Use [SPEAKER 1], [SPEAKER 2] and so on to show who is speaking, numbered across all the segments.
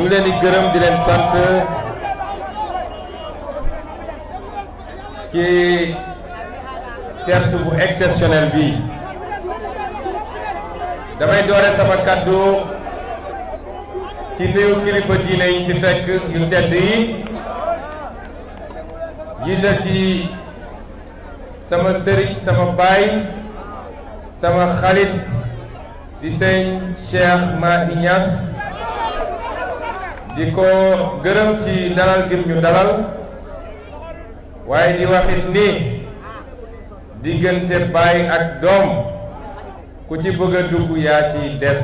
[SPEAKER 1] mu ngi leen di gërëm di leen sant ci terte bu exceptionnel bi damay doore sama kàddu ci nuyu kilifa diine yi ci fekk yu tedd yi jiital ci sama sëriñ sama baay sama xarit di sëñ Cheikh Mahi di ko gërëm ci dalal gim ñu dalal waaye di waxit ni diggante baay ak doom ku ci bëgg a dugg yaa ci des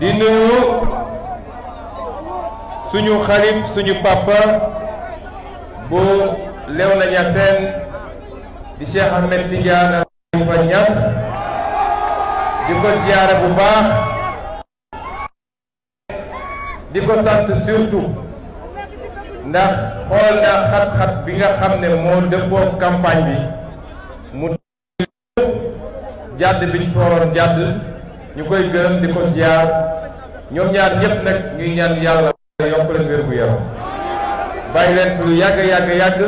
[SPEAKER 1] di nuyu suñu xalif suñu papa bu Léona Niassène di Cheikh Ahmed Tidiane Khalifa Niass di ko siyaare bu baax di ko sant surtout ndax xool naa xat-xat bi nga xam ne moo dëppoo campagne bi mu jàdd bi ñu fa jàdd ñu koy gërëm di ko siyaar ñoom ñaar ñëpp nag ñuy ñaan yàlla yokk leen wér gu yaram bàyyi leen fi lu yàgg yàgg yàgg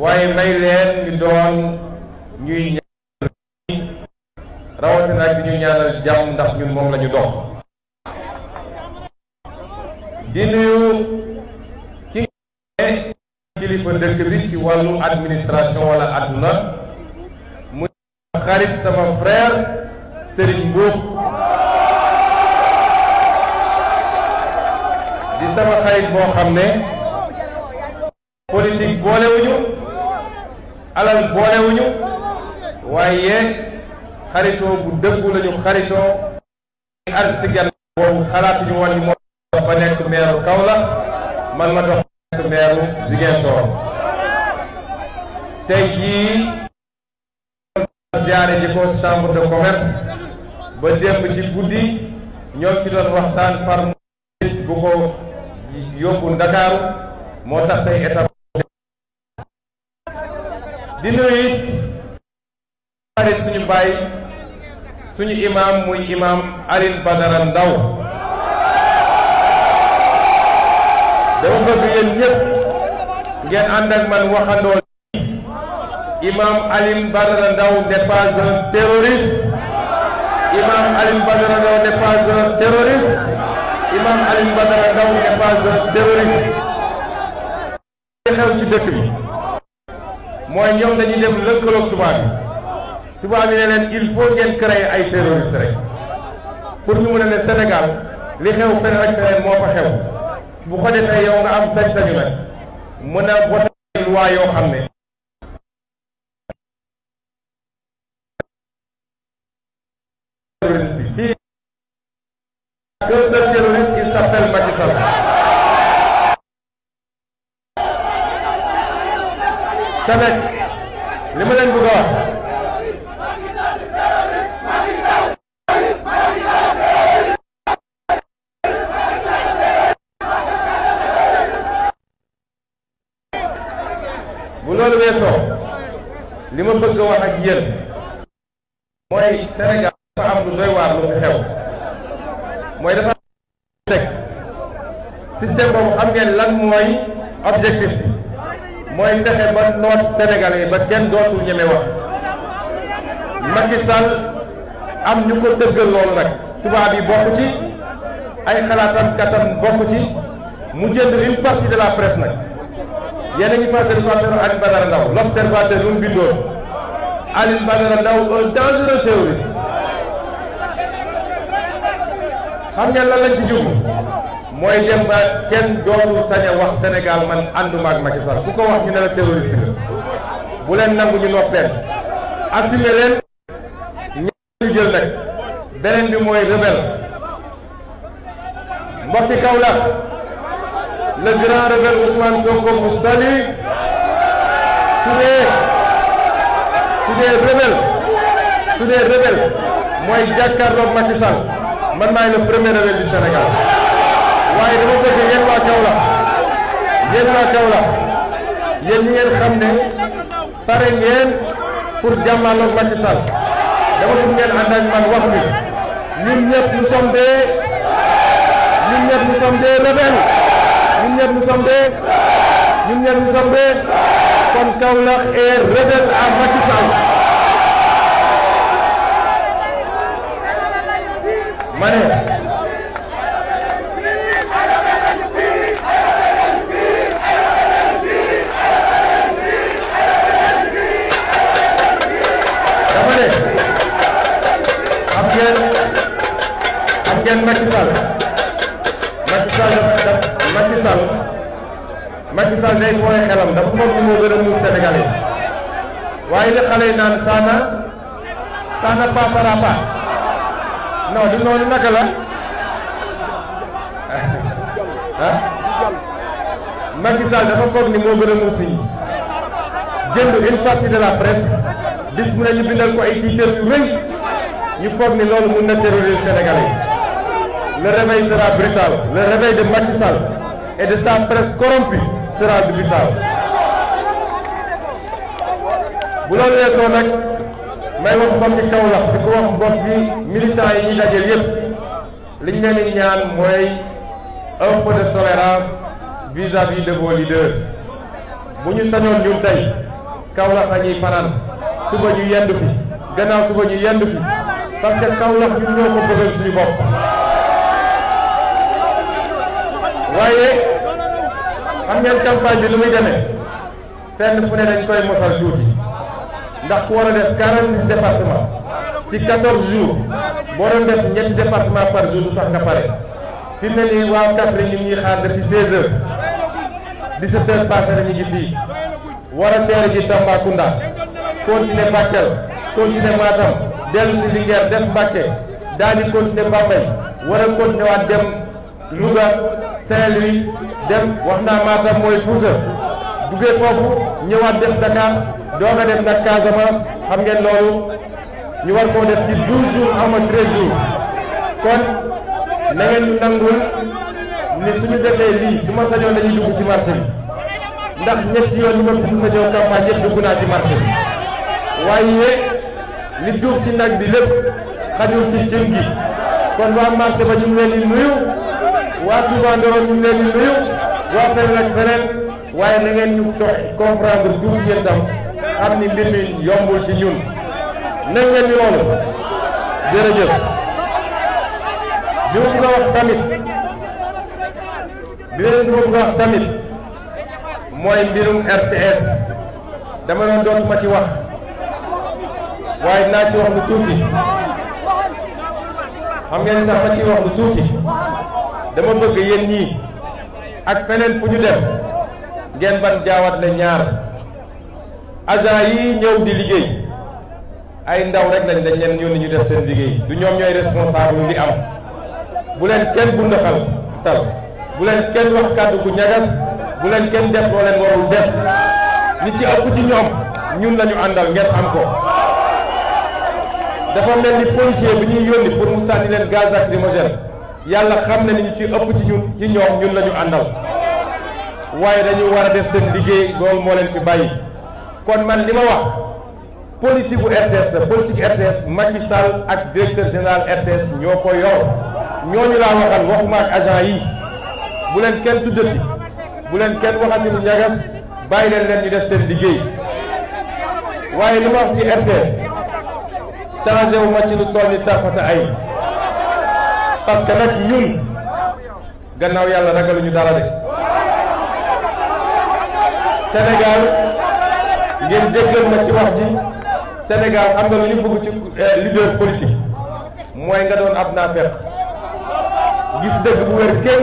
[SPEAKER 1] waaye may leen ñu doon ñuy rawatina nag ñu ñaanal jàmm ndax ñun moom la ñu dox di nuyu ki kilifa dëkk bi ci wàllu administration wala àdduna muy xarit sama frère Serigne Mboup di sama xarit boo xam ne politique boolewuñu alal boolewuñu waaye xaritoo bu dëggu la ñu xaritoo artigal boobu xalaatuñu woon ni moo dox ba nekk meeru Kaolack man ma dox ba nekk meeru tey jii ziare ji ko chambre de commerce ba démb ci guddi ñoo ci doon waxtaan far bu ko yóbbu Ndakaaru moo tax tey état di nuyu xarit suñu bàyyi suñu imaam muy imaam Alioune Badara Ndaw dama bëgg yéen ñëpp ngeen ànd ak man waxandoo imaam Alioune Badara Ndaw n'est pas un terroriste imaam Alioune Badara Ndaw n'est pas imaam Alioune Badara Ndaw n'est pas un ci dëkk bi mooy ñoom dañuy dem lëkkaloo tubaab tubaab amee ne leen il faut ngeen créer ay terroristes rek pour ñu mën a ne Sénégal li xew feneen ak feneen moo fa xew bu ko defee yow nga am sañ-sañu nag mën a voté loi yoo xam ne. kii que ce terroriste il s'appelle Macky Sall. tamit li ma leen ma bëgg a ak yéen mooy Sénégal dafa am lu doy waar lu xew mooy dafa teg système boobu xam ngeen lan mooy objectif bi mooy fexe ba noot Sénégalais yi ba kenn dootul ñeme wax Macky am ñu ko dëggal loolu nag tubaab yi bokk ci ay xalaatam katam bokk ci mu jënd une partie de la presse nag yéen a ngi fàttali ko affaire Aliou Badara Ndaw l'observateur lu bindoon Alioune Badara Ndao un dangereux terroriste xam ngeen lan ci jublu mooy dem ba kenn dootul sañ wax Sénégal man ànduma ak ku ko wax ñu ne la terroriste bu leen nangu ñu noppeen assumé ñaar ñu jël nag beneen bi mooy rebelle mbokki Kaolack le grand rebelle Ousmane Sonko bu sali su su dee rebelle su dee rebelle mooy jàkkaarloog Macky Sall man maay le premier rebelle du Sénégal waaye dama bëgg yéen waa Kaolack yéen waa Kaolack yéen ñi ngeen xam ne pare ngeen pour jàmmaarloog Macky Sall dama bëgg ngeen ànd ak man wax bi ñun ñëpp nous sommes ñun ñëpp nous sommes des ñun ñëpp nous sommes ñun ñëpp nous sommes kon Kaolack est rebelle à Macky Sall ma ne dama ne xam ngeen Macky Sall day fooy xelam dafa foog ni moo gën a muus Sénégalais waaye li xale yi naan saana saana passera pas du noonu naka la ah dafa foog ni moo gën a muus nit jënd une partie de la presse bis mu ne ñu bindal ko ay titre rëy ñu foog ni loolu mun na terroriser Sénégalais le réveil sera brutal le réveil de Macky et de sa presse corrompue sera dubitable bu loolu weesoo nag may wax mbokki Kaolack di ko wax mbokki militants yi ñu dajeel yépp liñ leen di ñaan mooy un peu de tolérance vis-à-vis de vos leaders ñu sañoon ñun tey Kaolack la fanaan suba ñu yendu gannaaw suba ñu yendu parce que Kaolack ñun ñoo ko bëggal suñu bopp waaye xam ngeen campagne bi lu muy demee fenn fu ne dañ koy mosal tuuti ndax ku war a def 46 département ci 14 jours boo doon def ñetti département par jour du tax nga pare fi mu ne nii waa Kaffrine ñu ñuy xaar depuis 16 heures 17 heures passé na ñu ngi fii war a teer ji Tambacounda continuer Bakel continuer Matam dellu si Linguère def Mbacké daal di continuer Bambey war a continuer waat dem. Louga Saint-Louis dem wax naa Matam mooy Fouta duggee foofu ñëwaat def Dakar doog a def nag Casamance xam ngeen loolu ñu war koo def ci 12 jours ama 13 jours kon na ngeen nangul ni suñu defee lii su ma sañoon dañuy dugg ci marché bi ndax ñetti yoon yi ma fi mu sañoon campagne dugg naa ci marché waa waaye li duuf ci nag bi lépp xajul ci cin gi kon waa marché ba ñu ngi leen di waa Touba Ndorong ñu leen waa feneen ak feneen waaye na ngeen ñu dox comprendre tuuti yéen tam xam ni mbir mi yombul ci ñun nañ ngeen ñu loolu jërëjëf di ma wax tamit bi leen di ma wax tamit mooy mbirum RTS dama doon dootuma ci wax waaye naa ci wax lu tuuti xam ngeen ndax ma ciy wax lu tuuti
[SPEAKER 2] dama bëgg yéen
[SPEAKER 1] ñii ak feneen fu ñu def ngeen ban jaawat le ñaar agent yi ñëw di liggéey ay ndaw rek lañ dañ leen yónni ñu def seen liggéey du ñoom ñooy responsable li am bu leen kenn bundaxal tal bu leen kenn wax kàddu ku ñagas bu leen kenn def loo leen warul def ni ci ëpp ci ñoom ñun lañu àndal ngeen am ko dafa mel ni policier bi ñuy yónni pour mu sànni leen gaz lacrymogène yàlla xam na ni ñu ci ëpp ci ñun ci ñoom ñun la ñu àndal waaye dañu war a def seen liggéey loolu moo leen fi bàyyi kon man li ma wax politique bu RTS la politique RTS Macky Sall ak directeur général RTS ñoo ko ñoo ñu laa waxal waxuma ak agent yi bu leen kenn tuddati bu leen kenn waxati lu ñagas bàyyi leen leen ñu def seen liggéey waaye li ma wax ci RTS changé wu ma ci lu toll ni tarfata ay parce que nag ñun gannaaw yàlla ragaluñu dara de Sénégal
[SPEAKER 2] ngeen jéggal ma ci wax ji
[SPEAKER 1] Sénégal xam nga lu ñu bëgg ci euh, leader politique mooy nga doon ab naafeq gis dëgg bu wér kéem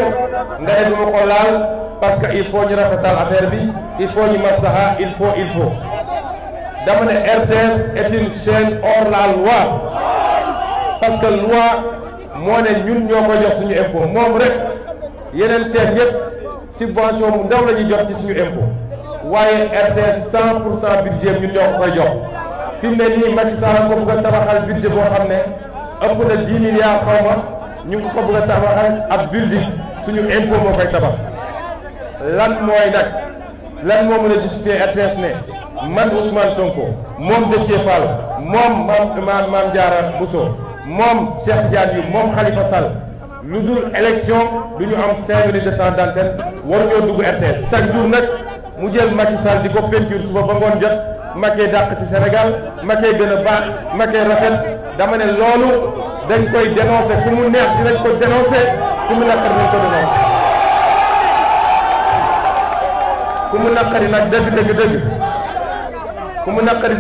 [SPEAKER 1] nga ne ko laal parce que il faut ñu rafetal affaire bi il faut ñu maslaha il faut il faut dama ne RTS est une chaîne hors la loi parce moo ne ñun ñoo koy jox suñu impôt moom rek yeneen chaîne yëpp subvention bu ndaw la ñuy jox ci suñu impôt waaye RTS 100 pour cent budget ñun ñoo ko koy jox fi mu ne nii Macky Sall ko bëgg a tabaxal budget boo xam ne ëpp na 10 milliards xaw ma ñu ngi ko bëgg a tabaxal ab building suñu impôt moo koy tabax lan mooy nag lan moo mën a justifier RTS ne man Ousmane Sonko moom Déthié Fall moom maam maam Diarra Bousso moom Cheikh Tidiane yu moom Khalifa Sall lu dul élection du ñu am cinq minutes de temps d'antenne dugg RTS chaque jour nag mu jël Macky Sall di ko peinture suba ba ngoon jot Macky dàq ci Sénégal Macky gën a baax Macky dama ne loolu dañ koy dénoncer ku mu neex dinañ ko dénoncer ku nañ ko dénoncer ku mu naqari nag dëgg dëgg dëgg ku mu naqari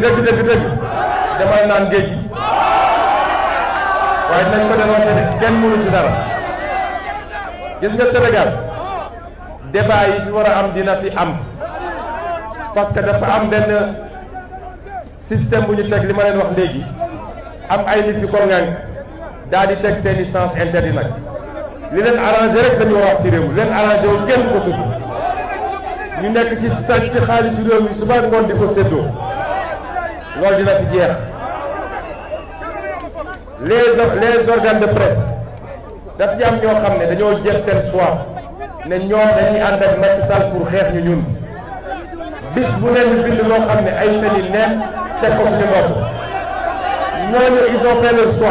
[SPEAKER 1] naan géej gi waaye dinañ ko dénoncé ne kenn mënu ci dara gis nga Sénégal débat yi fi war a am dina fi am parce que dafa am benn système bu ñu teg li ma leen wax léegi am ay nit yu ko ŋànk daal di teg seen i sens interdit nag li leen arrangé rek dañu wax ci réew mi li leen arrangé wu kenn ko tudd ñu nekk ci sa sàcc xaalisu réew mi suba ngoon di ko séddoo loolu dina fi jeex. les les organes de presse daf ci am ñoo xam ne dañoo jël seen choix ne ñoom dañuy ànd ak Macky Sall pour xeex ñu ñun bis bu ne ñu bind loo xam ne ay fen yi neen teg ko suñu bopp ñooñu ils ont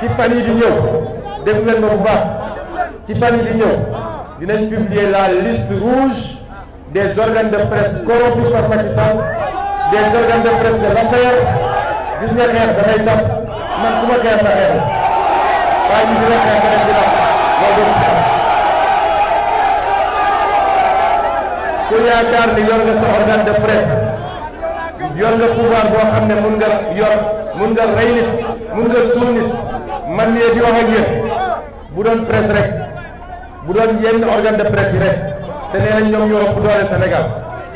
[SPEAKER 1] ci fan yi di ñëw def leen ma bu baax ci fan yi di ñëw dinañ publier la liste rouge des organes de presse corrompus par Macky Sall des organes de presse de l'affaire gis nga xeex dafay saf man ku ma xeex ma xeex waaye ñu di dàq loolu doo ci ku yaakaar ni yor nga sa organe de presse yor nga pouvoir boo xam ne mun nga yor mun nga rey nit mun nga suul nit man mii di wax ak bu doon presse rek bu doon yenn organe de presse yi rek te nee nañ ñoom ñoo ëpp doole Sénégal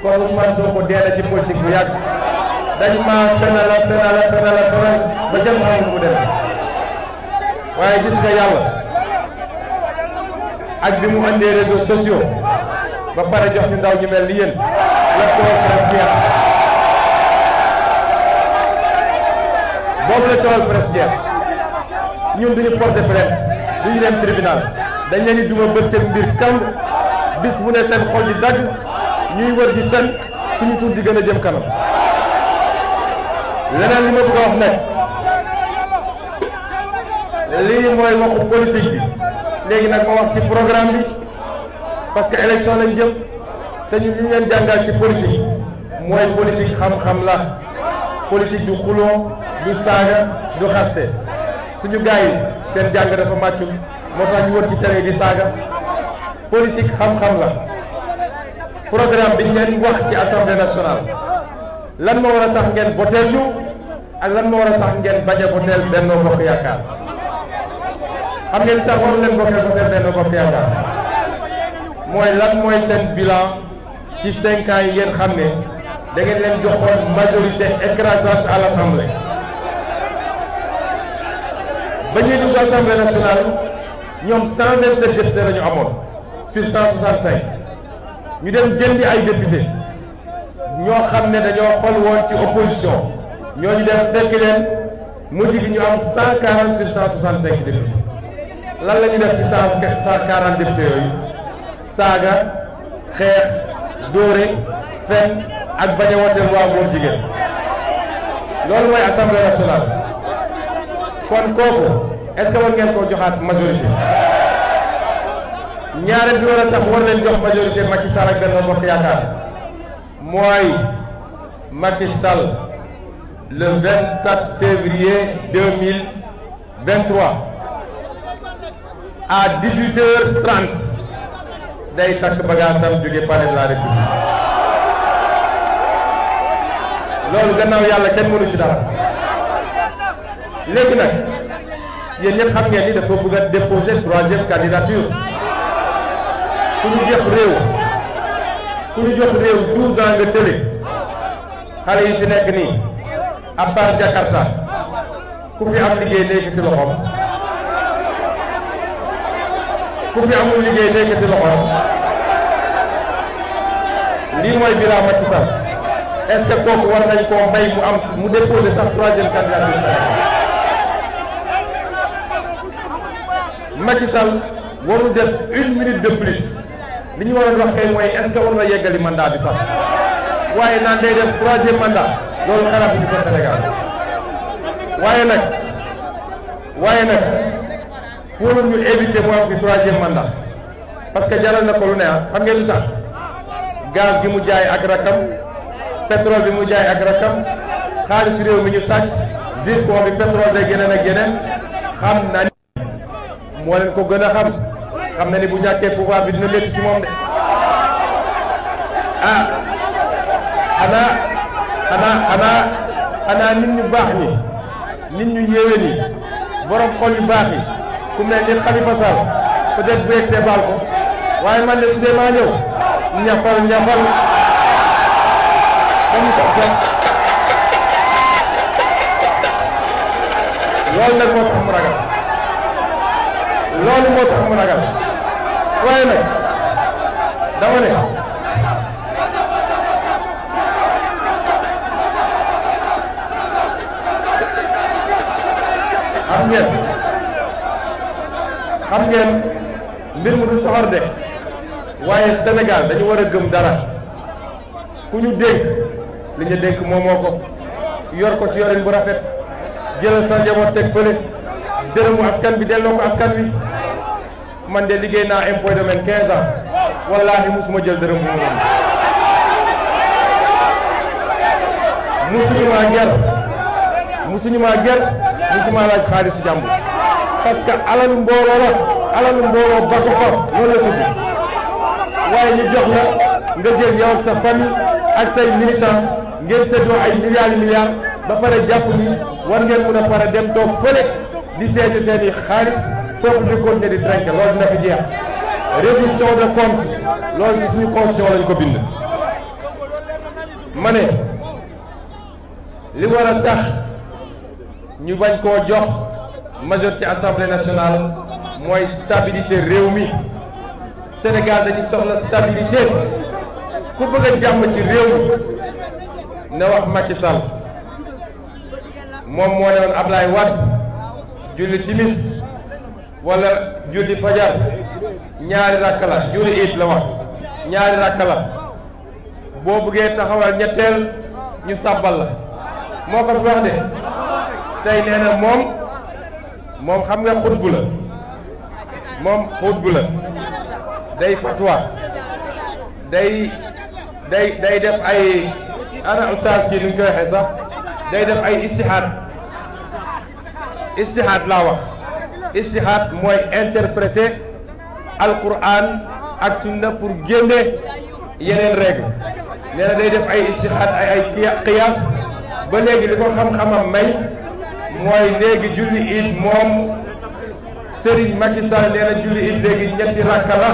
[SPEAKER 1] kon Ousmane Sonko dee na ci politique bu yàgg. dañ maa fenala fenala fenala fenala ba jëm xam nu mu dem waaye gis nga yàlla ak bi mu andee réseaux sociaux ba pare jox ñu ndaw ñu mel ni yéen la tool presse jeex boobu la tool presse jeex ñun duñu porter plainte duñu dem tribunal dañ leen di duma bëccëg mbir kan bis bu ne seen xol yi dagg ñuy wër di fen suñu tur di gën a jëm kanam leneen li ma bëgg a wax nag lii mooy waxu politique bi léegi nag ma wax ci programme bi parce que élection lañ jëm te ñu ñu leen jàngal ci politique mooy politique xam-xam la politique du xuloo du saaga du xaste suñu gars yi seen jàng dafa màccul moo tax ñu wër ci tere di saaga politique xam-xam la programme bi ñu leen wax ci assemblée nationale lan moo war a tax ngeen voteel ñu ak lan moo war a tax ngeen bañ a voteel Benno Bokk Yaakaar xam ngeen tax waru leen voteel voteel Benno Bokk Yaakaar mooy lan mooy seen bilan ci cinq ans yi ngeen xam ne da ngeen leen joxoon majorité écrasante à l'Assemblée ba ñuy dugg Assemblée nationale ñoom 127 députés la ñu amoon sur 165 ñu dem jëndi ay député ñoo xam ne dañoo xol woon ci opposition ñooñu dem fekk leen mujj gi ñu am cent quarante sur cent soixante cinq députés lan la ñu def ci cent quarante députés yooyu saaga xeex dóore fen ak bañ a woteel waa góor jigéen loolu mooy assemblée nationale kon kooku est-ce que war ngeen koo joxaat majorité ñaari bi war a tax war leen jox majorité Macky Sall ak Benno Bokk Yaakaar mooy Macky Sall le 24 février 2023 à 18h30 day takk bagaasam jóge palais de la République loolu gannaaw yàlla kenn mënu ci dara léegi nag yéen ñëpp xam ngeen ni dafa bëgg déposer troisième candidature pour ñu jeex réew. ku ñu jox réew 12 ans nga tële xale yi fi nekk nii ab bar Jakarta ku fi am liggéey nekkati loxoom ku fi amul liggéey nekkati loxoom lii mooy bilan Macky Sall est-ce war nañ koo bay mu am mu déposer sax troisième candidature Macky Sall warul def une minute de plus li ñu waroon wax kay mooy est war na yeggali mandat bi sax waaye naan day def troisième mandat loolu xalaatuñu ko Sénégal waaye nag waaye nag pour ñu éviter mu am fi troisième parce que jaral na ko lu ne ah xam ngeen lu tax gaz bi mu jaay ak rakam pétrole bi mu jaay ak rakam xaalis réew mi ñu sàcc zircon bi pétrole day geneen ak geneen xam na moo leen ko gën a xam. xam na ni bu ñàkkee pouvoir bi dina métti ci moom de ah xanaa xanaa xanaa xanaa nit ñu baax ñi nit ñu yéwé borom xol yu baax yi ku mel ni Khalifa Sall peut-être bu baal ko waaye man de su dee maa ñëw ñafal ñafal ba mu sax loolu moo tax mu ragal loolu moo tax mu ragal waaye nag dama ne xam ngeen mbir mu du soxor de waaye Sénégal dañu war a gëm dara ku ñu dénk li ñu dénk moom ko yor ko ci yorin bu rafet jëlal sa njaboot teg fële dërëmu askan bi delloo ko askan wi man de liggéey naa impôt domaine 15 ans wallaahi musuma jël dërëm bu mu musuñu maa ger musuñu maa ger musuma laaj xaalisu jàmbur parce que alalu mbooloo la alalu mbooloo ba ko fa loolu la waaye ñu jox la nga jël yow sa famille ak say militants ngeen seddoo ay milliards milliards ba pare jàpp ni war ngeen mën a pare dem toog fële di seeti seeni xaalis peuple bi continué di trinqué loolu dina fi jeex révision de compte loolu ci suñu constitution lañ ko bind ma li war a tax ñu bañ koo jox majorité assemblée nationale mooy stabilité réew mi Sénégal dañu soxla stabilité ku bëgg a jàmm ci réew na wax Macky Sall moom moo ne woon Ablaye Wade julli timis wala julli fajar ñaari rakk la julli it la wax ñaari rakk la boo buggee taxawal ñetteel ñu sàbbal la moo ko wax de tey nee na moom moom xam nga xutbu la moom xutbu la day fatwa day day day def ay ana ustaas kii nu ñu koy waxee sax day def ay istihaad istihaad laa wax istihaad mooy interpréter alquran ak sunna pour génne yeneen règle nee day def ay istihaad ay qiyaas ba léegi li ko xam-xamam may mooy léegi julli it moom Serigne Macky Sall julli it léegi ñetti rakka la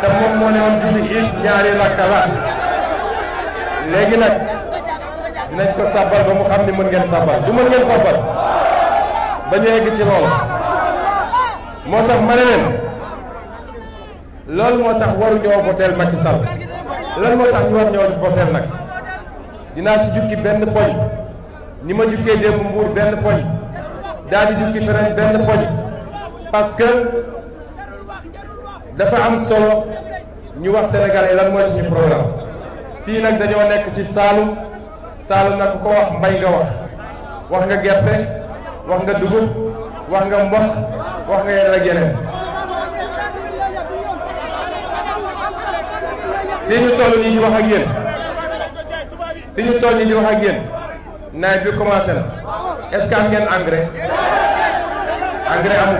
[SPEAKER 1] te moom moo ne woon julli it ñaari rakka la léegi nag dinañ ko sabbal ba mu xam ni mën ngeen sabbal du mën ngeen sabbal ba ñu egg ci loolu moo tax ma ne loolu moo tax waruñoo voteel Macky Sall lan moo tax ñu war ñoo voteel nag dinaa ci jukki benn poñ ni ma jukkee démb mbuur benn poñ daal di jukki feneen benn poñ parce que dafa am solo ñu wax sénégalais lan mooy suñu programme fii nag dañoo nekk ci Saalum Saalum nag ko wax mbay nga wax wax nga gerte wax nga dugub wax nga mboq wax nga yeneen ak yeneen fi ñu toll nii di wax ak yéen fi ñu toll nii di wax ak yéen nawet bi commencé na est am ngeen engrais engrais amu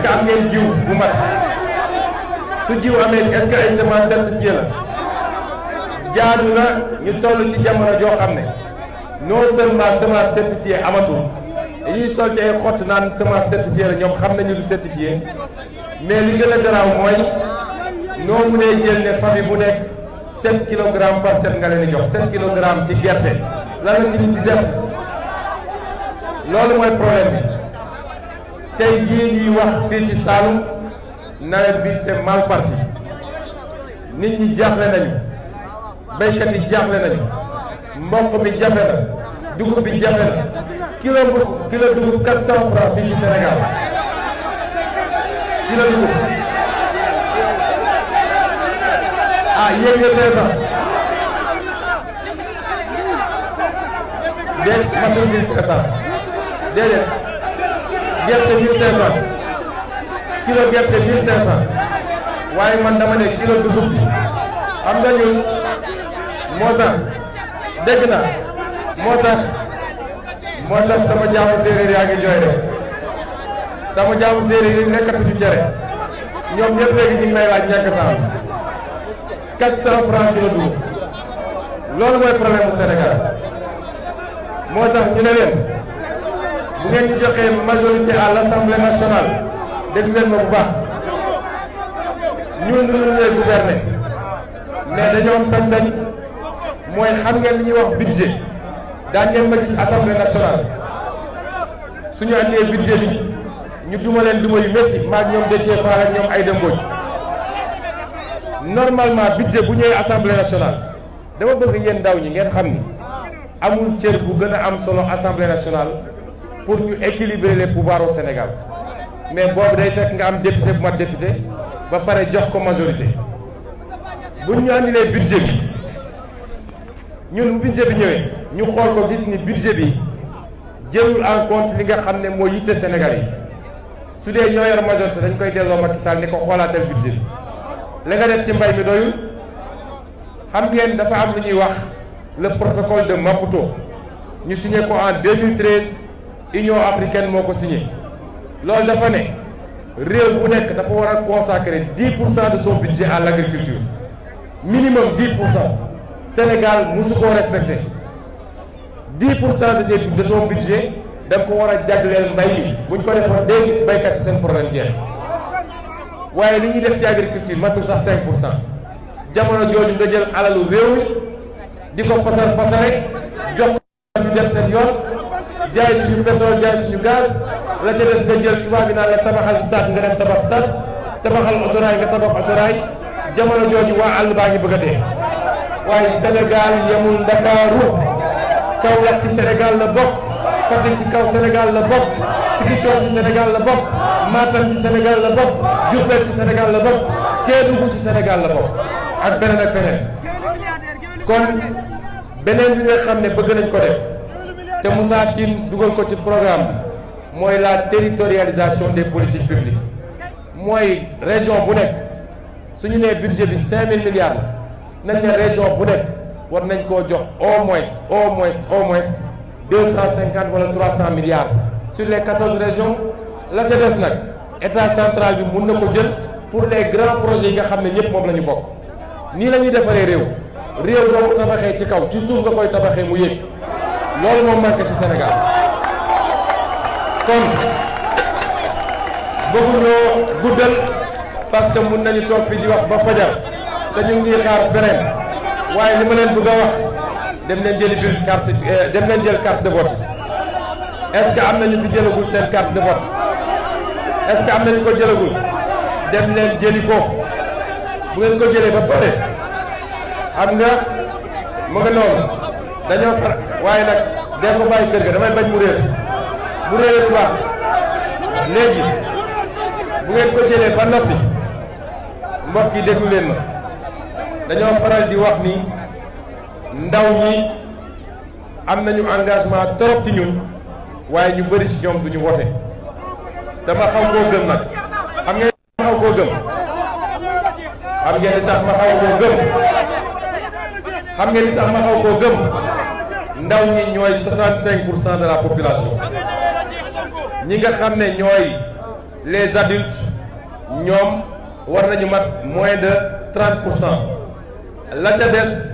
[SPEAKER 1] fi am ngeen jiw bu mat su jiw amee est-ce que ay semence certifiée la na ñu toll ci jamono joo xam ne. non seulement semence certifiée amatul dañuy sol ci ay xott naan semence certifiée la ñoom xam nañu du certifiée mais li gën a garaaw
[SPEAKER 2] mooy noo mu nee jël
[SPEAKER 1] ne famille bu nekk 7 kilogrammes par tête nga leen di jox kilo kilogrammes ci gerte lan la ci nit di def loolu mooy problème bi tey jii ñuy wax fii ci Saloum nawet bi c'est mal parti nit ñi jaaxle nañu béykat yi jaaxle nañu. mboq bi jafe na dugub bi jafe na kilo bu kilo dugub 400 francs fii ci Sénégal kilo dugub ah yéeg nga 500. déet matul 1500 déedéet
[SPEAKER 2] gerte 1500 kilo gerte 1500 waaye man dama ne kilo
[SPEAKER 1] dugub bi xam moo tax. dégg naa moo tax moo tax sama jaamu séeréer yaa ngi jooy de sama jaamu séeréer yi nekkatuñu cere ñoom ñëpp léegi ñu ngi may laaj ñàkk temps 400 francs kilo dugub loolu mooy problème mu Sénégal moo tax ñu ne leen bu ngeen ñu joxee majorité à l'Assemblée nationale déglu leen ma bu baax ñun ñu ngi lay gouverner mais dañoo am sañ-sañ. mooy xam nga li ñuy wax budget daan ngeen ma gis assemblée nationale suñu andee budget bi ñu duma leen duma yu métti maag ñoom Déthié Fall ak ñoom ay Mbodj normalement budget bu ñëwee assemblée nationale dama bëgg yéen ndaw ñi ngeen xam ni amul cër bu gën a am solo assemblée nationale pour ñu équilibrer les pouvoirs au Sénégal mais boobu day fekk nga am député bu mat député ba pare jox ko majorité buñ ñu andilee budget bi ñun bu budget bi ñëwee ñu xool ko gis ni budget bi jëlul en compte li nga xam ne moo yitte Sénégal yi su dee ñoo yor majorité dañ koy delloo Macky Sall ni ko xoolaatal budget bi la nga def ci mbay mi doyul xam ngeen dafa am lu ñuy wax le protocole de Maputo ñu signé ko en 2013 Union africaine moo ko signé loolu dafa ne réew bu nekk dafa war a consacrer 10 pour cent de son budget à l' agriculture minimum 10 pour cent Sénégal musu koo respecté 10 pour cent de ton budget da nga ko war a jagleel mbay mi buñ ko defoon léegi baykat si seen problème jeex waaye li ñuy def ci agriculture matul sax 5 pour cent jamono jooju nga jël alalu réew mi di ko pasar pasare jox ñu dem seen yoon jaay suñu pétrole jaay suñu gaz la ca des nga jël tubaab bi naan la tabaxal stade nga dem tabax stade tabaxal autorail nga tabax autorail jamono jooju waa àll baa ngi bëgg a dee. waaye Sénégal yemul Ndakaaru Kaolack ci Sénégal la bokk Fatick ci kaw Sénégal la bokk Ziguinchor ci Sénégal la bokk Matam ci Sénégal la bokk Diourbel ci Sénégal la bokk Kédougou ci Sénégal la bokk ak feneen ak feneen kon beneen bi nga xam ne bëgg nañ ko def te Moussa dugal ko ci programme mooy la territorialisation des politiques publiques mooy région bu nekk su ñu nee budget bi 5000 milliards. nañ ne région bu de war nañ koo jox au moins au moins au moins deux cent cinquante wala trois cent milliards sur les quatorze régions la ca des nag état central bi mun na ko jël pour les grands projets yi nga xam ne ñëpp moom la ñu bokk nii la ñuy defaree réew réew doo tabaxee ci kaw ci suuf nga koy tabaxee mu yéeg loolu moom manqué ci Sénégal kon bëgguñoo guddal parce que mun nañu toog fii di wax ba fajar te ñu ngi xaar feneen waaye li ma leen bëgg a wax dem leen jëli biir carte eh, dem leen jël carte de vote est-ce que am na ñu fi jëlagul seen carte de vote ce que am na ñu ko jëlagul
[SPEAKER 2] dem leen jëli ko
[SPEAKER 1] bu ngeen ko jëlee ba pare xam nga mu nga noonu dañoo far waaye nag dee ko bàyyi kër ga damay bañ mu réer
[SPEAKER 2] bu réeree baax
[SPEAKER 1] léegi bu ngeen ko jëlee ba noppi mbokk yi déglu leen ma. dañoo faral di wax ni ndaw ñi am nañu engagement trop ci ñun waaye ñu bëri ci ñoom duñu wote dama xaw koo gëm nag
[SPEAKER 2] xam ngeen
[SPEAKER 1] ma xaw koo gëm xam ngeen li tax ma xaw koo gëm xam ngeen li ndaw ñi ñooy pour cent de la population ñi nga xam ne ñooy les adultes ñoom war nañu mat moins de 30 pour cent la ca des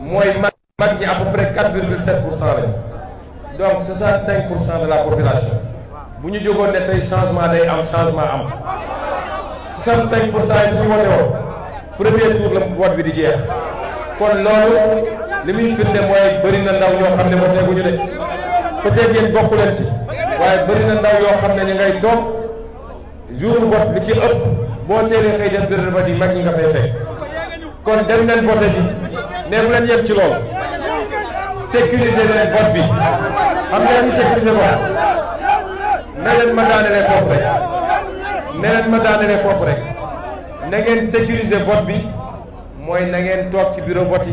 [SPEAKER 1] mooy mag mag ñi à peu près 4,7 pour cent lañu donc 65 pour cent de la population bu ñu jógoon ne tey changement day am changement am 65 pour cent yi suñu wote premier tour la vote bi di jeex kon loolu li muy firnde mooy bëri na ndaw ñoo xam ne wote bu ñu de peut-être yéen bokku waaye bëri na ndaw yoo xam ne ñu ngay toog jour vote bi ci ëpp boo teelee xëy dem biir ba mag ñi nga fay fekk. kon dem leen voté ji
[SPEAKER 2] ne bu leen yem ci lool
[SPEAKER 1] sécuriser leen vote bi xam ngeen ñu sécuriser
[SPEAKER 2] ne leen ma daanelee foofu
[SPEAKER 1] ne leen ma na ngeen sécuriser vote bi mooy na ngeen toog ci bureau vote yi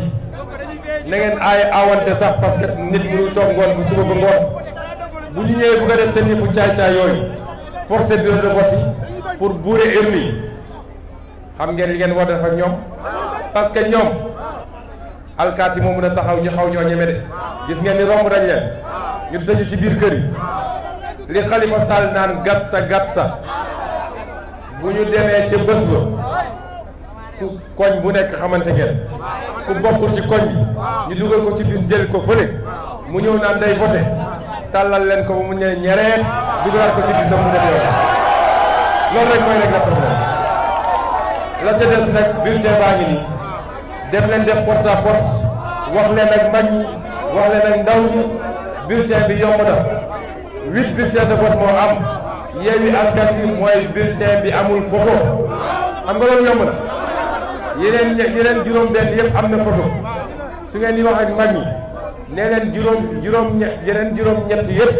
[SPEAKER 1] na ngeen awante sax parce que nit mënul toog ngoon bu suba ba ngoon bu ñu ñëwee bëgg a def seen yëfu caay-caay yooyu forcer bureau de vote yi pour bourrer ngeen li ngeen war a ak ñoom. parce que ñoom alkaati moo mën a taxaw ñu xaw ñoo ñeme de gis ngeen ni romb dañ leen ñu tëju ci biir kër yi li Khalifa Sall naan gat sa gat sa bu ñu demee ca bés
[SPEAKER 2] ba
[SPEAKER 1] ku koñ bu nekk xamante ngeen ku bokkul ci koñ bi ñu dugal ko ci bis jël ko fële mu ñëw naan day voté tàllal leen ko ba mu ne ñereet dugalaat ko ci bisam mu ne yow loolu rek mooy rek la problème des nag bulletin baa nii def leen def porte à porte wax leen ak mag ñi wax leen ak ndaw ñi
[SPEAKER 2] bulletin bi yomb na
[SPEAKER 1] huit bulletin de vote moo am Yewwi Askan Wi mooy bulletin bi amul photo xam nga loolu yomb na yeneen yeneen juróom-benn yëpp am na photo su ngeen di wax ak mag ñi nee leen juróom juróom ñett yeneen juróom-ñett yëpp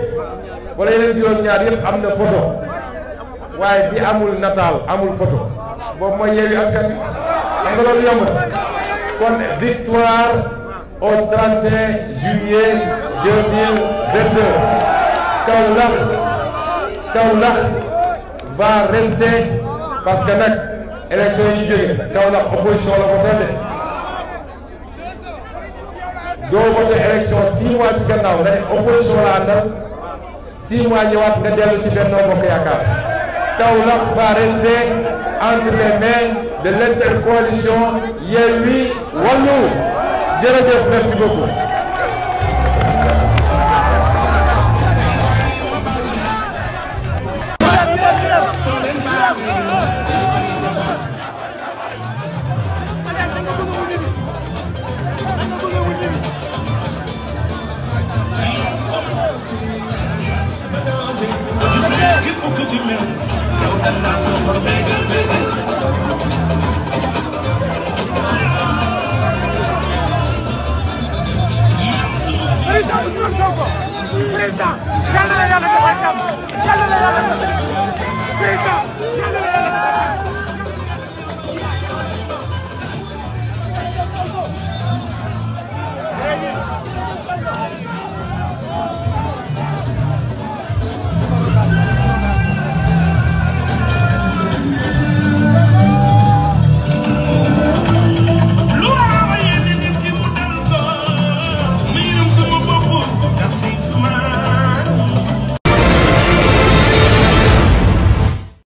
[SPEAKER 1] wala yeneen juróom-ñaar yëpp am na photo waaye bi amul nataal amul photo boobu mooy Yewwi Askan Wi xam kon victoire au 31 juillet 2022 Kaolack Kaolack va rester parce que nag élection yi ñu jógee Kaolack opposition la ko tànne doo voté élection six mois ci gannaaw nga opposition la àndal six mois ñëwaat nga dellu ci Benno Bokk Yaakaar Kaolack va rester entre les de l'intercoalition Yewwi Wallu jërëjëf merci beaucoup. Look
[SPEAKER 2] président yàlla na yàlla defal jàmm yàlla na yàlla defal jàmm